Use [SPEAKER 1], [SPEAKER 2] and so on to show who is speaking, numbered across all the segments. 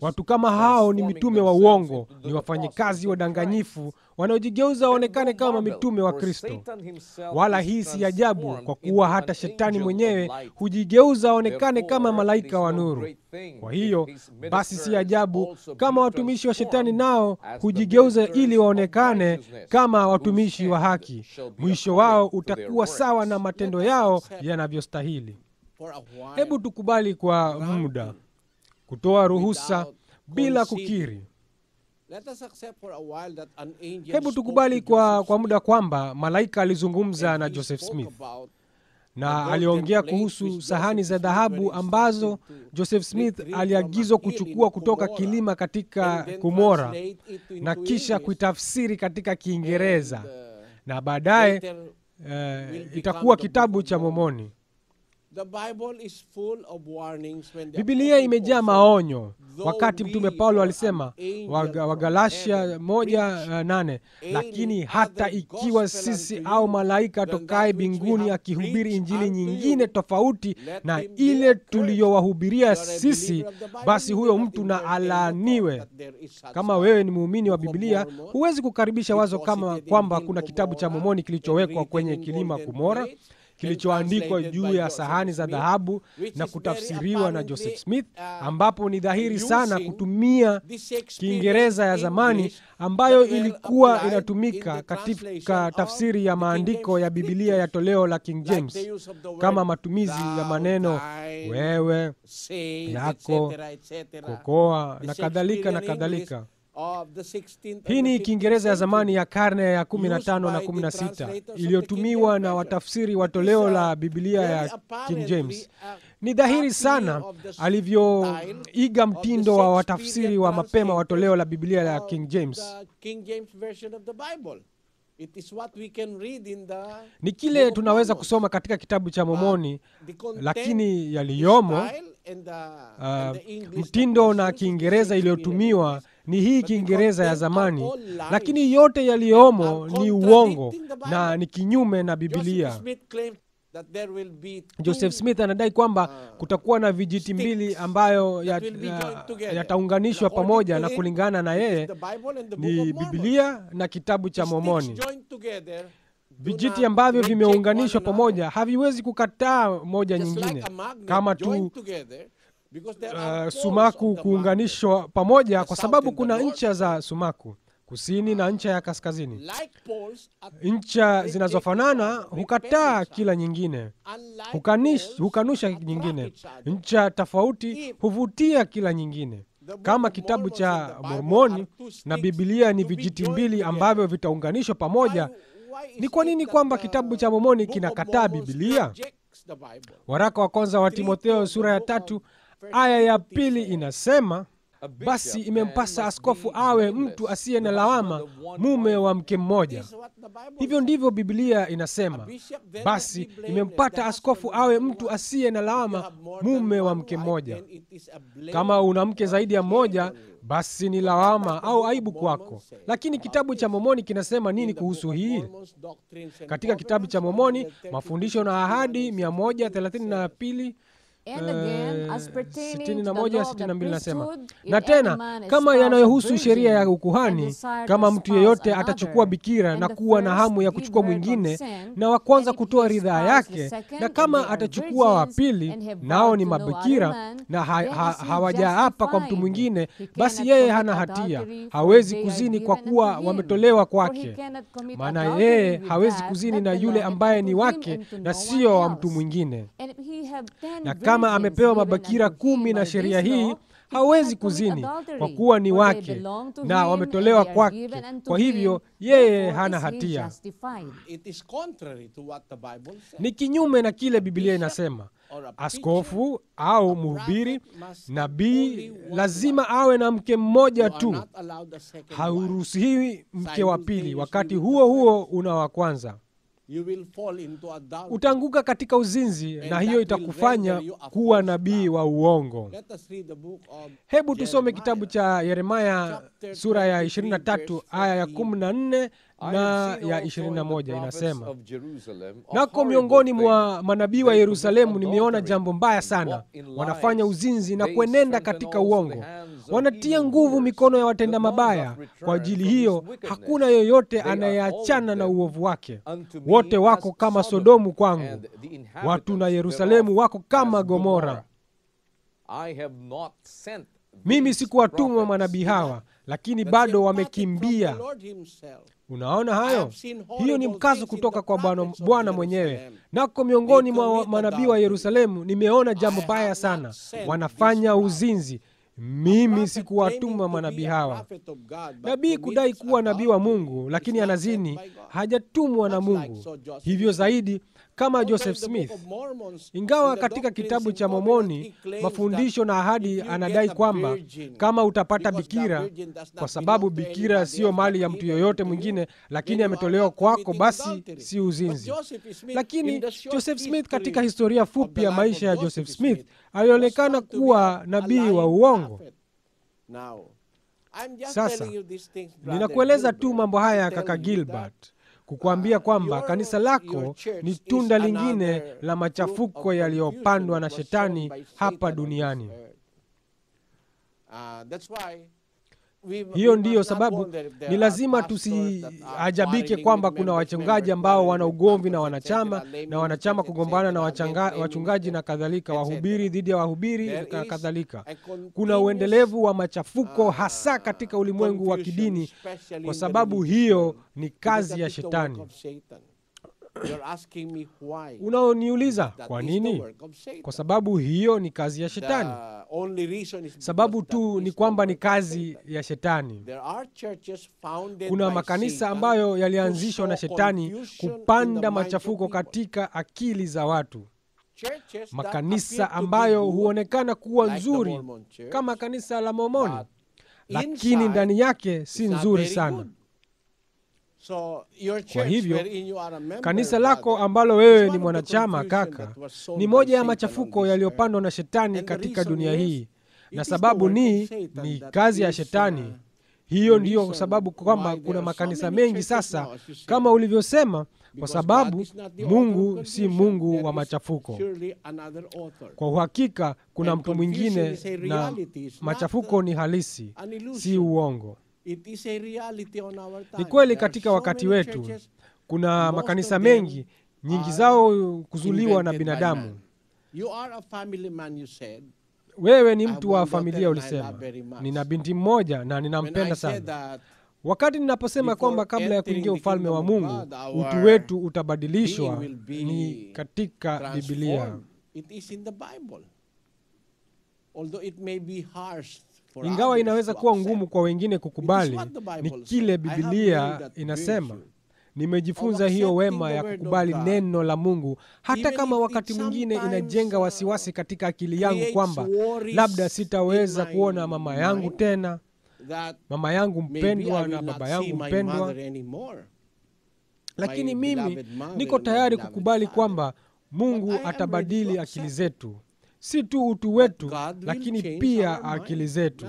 [SPEAKER 1] Watu kama hao ni mitume wa uongo, ni wafanyikazi wadanganyifu wanaojigeuza waonekane kama mitume wa Kristo. Wala hii si ajabu, kwa kuwa hata shetani mwenyewe hujigeuza aonekane kama malaika wa nuru. Kwa hiyo basi, si ajabu kama watumishi wa shetani nao hujigeuza ili waonekane kama watumishi wa haki. Mwisho wao utakuwa sawa na matendo yao yanavyostahili. Hebu tukubali kwa muda kutoa ruhusa bila kukiri. Hebu tukubali kwa, kwa muda kwamba malaika alizungumza na Joseph Smith na aliongea kuhusu sahani za dhahabu ambazo Joseph Smith aliagizwa kuchukua kutoka kilima katika Kumora na kisha kuitafsiri katika uh, Kiingereza na baadaye uh, itakuwa kitabu cha momoni bibilia imejaa maonyo. Wakati Mtume Paulo alisema wagalasia moja eh, nane, lakini hata ikiwa sisi au malaika atokaye binguni akihubiri injili nyingine tofauti na ile tuliyowahubiria sisi, basi huyo mtu na alaaniwe. Kama wewe ni muumini wa Biblia, huwezi kukaribisha wazo kama kwamba kuna kitabu cha momoni kilichowekwa kwenye kilima Kumora kilichoandikwa juu ya sahani za dhahabu na kutafsiriwa na Joseph Smith, uh, ambapo ni dhahiri sana kutumia Kiingereza ya zamani ambayo ilikuwa inatumika katika tafsiri ya maandiko ya bibilia ya toleo la King James, kama matumizi ya maneno wewe, yako, kokoa na kadhalika na kadhalika. Hii ni Kiingereza ya zamani ya karne ya 15 na 16 iliyotumiwa na watafsiri wa uh, toleo la Biblia ya King James. Ni dhahiri sana alivyoiga mtindo wa watafsiri wa mapema wa toleo la Biblia ya King James. It is what we can read in the ni kile tunaweza kusoma katika kitabu cha momoni lakini yaliyomo uh, mtindo na Kiingereza iliyotumiwa ni hii Kiingereza ya zamani, lakini yote yaliyomo ni uongo na ni kinyume na Bibilia. Joseph Smith anadai kwamba ah, kutakuwa na vijiti mbili ambayo yataunganishwa ya, ya pamoja na kulingana na yeye ni bibilia na kitabu cha momoni Vijiti ambavyo vimeunganishwa pamoja haviwezi kukataa moja nyingine kama tu uh, sumaku kuunganishwa pamoja kwa sababu kuna ncha za sumaku kusini na ncha ya kaskazini. Ncha zinazofanana hukataa kila nyingine, hukanish, hukanusha nyingine. Ncha tofauti huvutia kila nyingine. Kama kitabu cha Mormoni na Bibilia ni vijiti mbili ambavyo vitaunganishwa pamoja, ni kwa nini kwamba kitabu cha Mormoni kinakataa Bibilia? Waraka wa kwanza wa Timotheo sura ya tatu Aya ya pili inasema, basi imempasa askofu awe mtu asiye na lawama, mume wa mke mmoja. Hivyo ndivyo Biblia inasema, basi imempata askofu awe mtu asiye na lawama, mume wa mke mmoja. Kama una mke zaidi ya mmoja, basi ni lawama au aibu kwako. Lakini kitabu cha momoni kinasema nini kuhusu hii? Katika kitabu cha momoni mafundisho na ahadi 132 Eh, na nasema na tena, kama yanayohusu sheria ya ukuhani, kama mtu yeyote atachukua bikira na kuwa na hamu ya kuchukua mwingine, na wa kwanza kutoa ridhaa yake, na kama atachukua wa pili, nao ni mabikira na ha ha hawajaapa kwa mtu mwingine, basi yeye hana hatia, hawezi kuzini kwa kuwa wametolewa kwake. Maana yeye hawezi kuzini na yule ambaye ni wake na sio wa mtu mwingine na kama amepewa mabakira kumi na sheria hii hawezi kuzini kwa kuwa ni wake na wametolewa kwake, kwa hivyo yeye hana hatia. Ni kinyume na kile Biblia inasema. Askofu au mhubiri, nabii lazima awe na mke mmoja tu, hauruhusiwi mke wa pili, wakati huo huo una wa kwanza. Utaanguka katika uzinzi na hiyo itakufanya kuwa nabii wa uongo. Hebu tusome kitabu cha Yeremaya sura ya 23 aya ya 14 na ya 21 inasema, nako miongoni mwa manabii wa Yerusalemu nimeona jambo mbaya sana, wanafanya uzinzi na kuenenda katika uongo wanatia nguvu mikono ya watenda mabaya. Kwa ajili hiyo hakuna yoyote anayeachana na uovu wake. Wote wako kama Sodomu kwangu, watu na Yerusalemu wako kama Gomora. Mimi sikuwatuma manabii hawa, lakini bado wamekimbia. Unaona hayo? Hiyo ni mkazo kutoka kwa Bwana mwenyewe. Nako miongoni mwa manabii wa Yerusalemu nimeona jambo baya sana, wanafanya uzinzi mimi sikuwatuma manabii hawa. Nabii kudai kuwa nabii wa Mungu, lakini anazini, hajatumwa na Mungu. Hivyo zaidi kama Joseph Smith, ingawa katika kitabu cha momoni mafundisho na ahadi anadai kwamba kama utapata bikira, kwa sababu bikira siyo mali ya mtu yoyote mwingine, lakini ametolewa kwako, basi si uzinzi. Lakini Joseph Smith, katika historia fupi ya maisha ya Joseph Smith, alionekana kuwa nabii wa uongo. Mungu. Sasa ninakueleza tu mambo haya kaka Gilbert, uh, kukuambia kwamba kanisa lako ni tunda lingine la machafuko yaliyopandwa na shetani hapa duniani. Hiyo ndiyo sababu ni lazima tusiajabike kwamba kuna wachungaji ambao wana ugomvi na wanachama na wanachama kugombana na wachanga, wachungaji na kadhalika, wahubiri dhidi ya wahubiri na kadhalika. Kuna uendelevu wa machafuko ah, hasa katika ulimwengu wa kidini, kwa sababu hiyo ni kazi ya Shetani. Unaoniuliza kwa nini? Kwa sababu hiyo ni kazi ya Shetani. Sababu tu ni kwamba ni kazi ya shetani. Kuna makanisa ambayo yalianzishwa na shetani kupanda machafuko katika akili za watu. Makanisa ambayo huonekana kuwa nzuri kama kanisa la momoni lakini ndani yake si nzuri sana. Kwa hivyo kanisa lako ambalo wewe ni mwanachama kaka, ni moja ya machafuko yaliyopandwa na shetani katika dunia hii, na sababu ni ni kazi ya uh, shetani. Hiyo ndiyo sababu kwamba kuna makanisa mengi sasa, kama ulivyosema, kwa sababu Mungu si Mungu wa machafuko. Kwa uhakika kuna mtu mwingine, na machafuko ni halisi, si uongo. Ni kweli katika wakati wetu kuna makanisa mengi nyingi zao kuzuliwa na binadamu. Wewe ni mtu wa familia ulisema, nina binti mmoja na ninampenda sana wakati ninaposema kwamba kabla ya kuingia ufalme wa Mungu utu wetu utabadilishwa ni katika bibilia ingawa inaweza kuwa ngumu kwa wengine kukubali, ni kile bibilia inasema. Nimejifunza hiyo wema ya kukubali neno la Mungu hata kama wakati mwingine inajenga uh, wasiwasi katika akili yangu kwamba labda sitaweza kuona mama yangu tena, mama yangu mpendwa na baba yangu mpendwa, lakini mimi niko tayari kukubali kwamba Mungu atabadili akili zetu si tu utu wetu lakini pia akili zetu.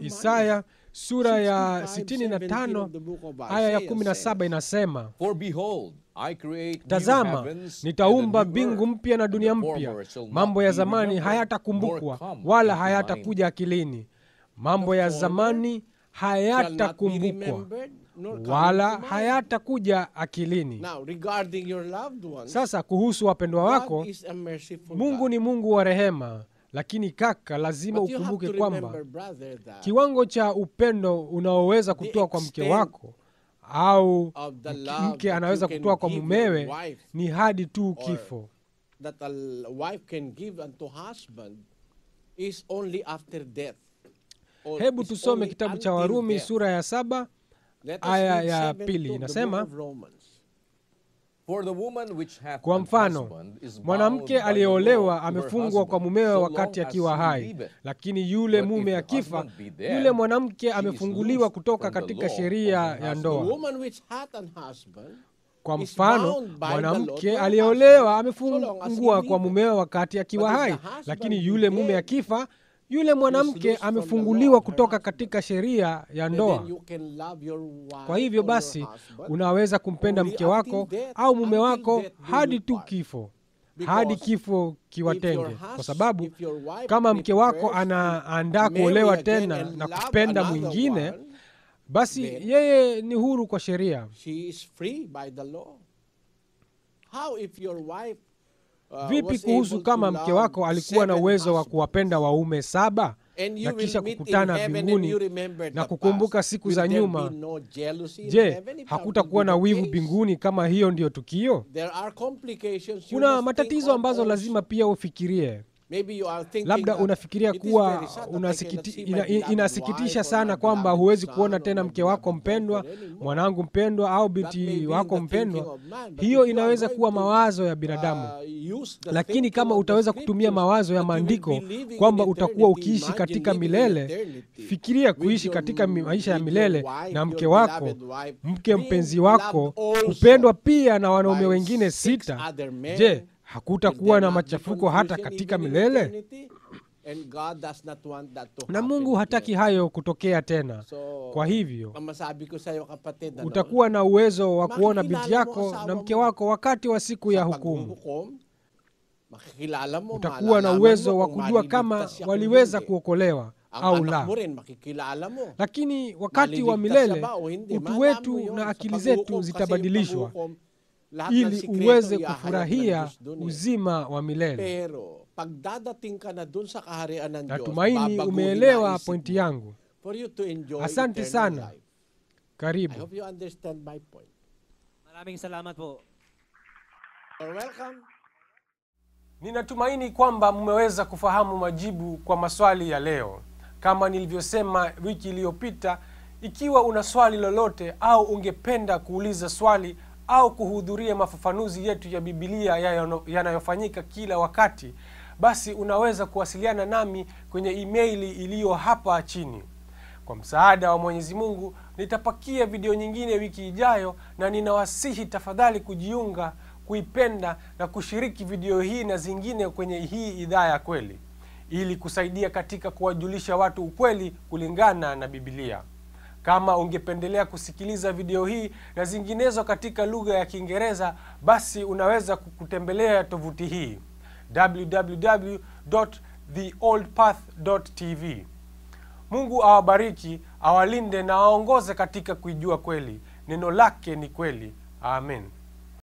[SPEAKER 1] Isaya sura ya 65 aya ya 17 inasema, tazama nitaumba mbingu mpya na dunia mpya, mambo ya zamani hayatakumbukwa wala hayatakuja akilini, mambo ya zamani hayatakumbukwa wala hayatakuja akilini. Sasa kuhusu wapendwa wako, Mungu ni Mungu wa rehema. Lakini kaka, lazima ukumbuke kwamba kiwango cha upendo unaoweza kutoa kwa mke wako au mke anaweza kutoa kwa mumewe ni hadi tu kifo. Hebu tusome kitabu cha Warumi sura ya saba Aya ya pili inasema kwa mfano, mwanamke aliyeolewa amefungwa kwa mumewe wakati akiwa hai, lakini yule mume akifa, yule mwanamke amefunguliwa kutoka katika sheria ya ndoa. Kwa mfano, mwanamke aliyeolewa amefungwa kwa mumewe wakati akiwa hai, lakini yule mume akifa, yule mwanamke amefunguliwa kutoka katika sheria ya ndoa. Kwa hivyo basi, unaweza kumpenda mke wako au mume wako hadi tu kifo, hadi kifo kiwatenge, kwa sababu kama mke wako anaandaa kuolewa tena na kupenda mwingine, basi yeye ni huru kwa sheria. Uh, Vipi kuhusu kama mke wako alikuwa na uwezo wa kuwapenda waume saba na kisha kukutana mbinguni na kukumbuka siku za nyuma? No, je, hakutakuwa na wivu mbinguni kama hiyo ndiyo tukio? Kuna matatizo ambazo lazima pia ufikirie. Labda unafikiria kuwa unasikiti, ina, inasikitisha sana kwamba huwezi kuona tena mke wako mpendwa, mwanangu mpendwa, au binti wako mpendwa. Hiyo inaweza kuwa mawazo ya uh, binadamu, lakini kama utaweza kutumia mawazo ya maandiko kwamba utakuwa ukiishi katika milele, fikiria kuishi katika maisha ya milele na mke wako, mke mpenzi wako, kupendwa pia na wanaume wengine sita. Je, hakutakuwa na machafuko hata katika milele. Na Mungu hataki hayo kutokea tena. Kwa hivyo utakuwa na uwezo wa kuona binti yako na mke wako wakati wa siku ya hukumu. Utakuwa na uwezo wa kujua kama waliweza kuokolewa au la. Lakini wakati wa milele utu wetu na akili zetu zitabadilishwa ili uweze kufurahia eh. uzima wa milele. Natumaini umeelewa pointi yangu. Asante sana. Karibu. Ninatumaini kwamba mmeweza kufahamu majibu kwa maswali ya leo. Kama nilivyosema wiki iliyopita, ikiwa una swali lolote au ungependa kuuliza swali au kuhudhuria mafafanuzi yetu ya bibilia yanayofanyika kila wakati, basi unaweza kuwasiliana nami kwenye imeili iliyo hapa chini. Kwa msaada wa Mwenyezi Mungu nitapakia video nyingine wiki ijayo, na ninawasihi tafadhali kujiunga, kuipenda na kushiriki video hii na zingine kwenye hii idhaa ya kweli, ili kusaidia katika kuwajulisha watu ukweli kulingana na bibilia kama ungependelea kusikiliza video hii na zinginezo katika lugha ya Kiingereza, basi unaweza kutembelea tovuti hii www.theoldpath.tv. Mungu awabariki, awalinde na awaongoze katika kuijua kweli. Neno lake ni kweli. Amen.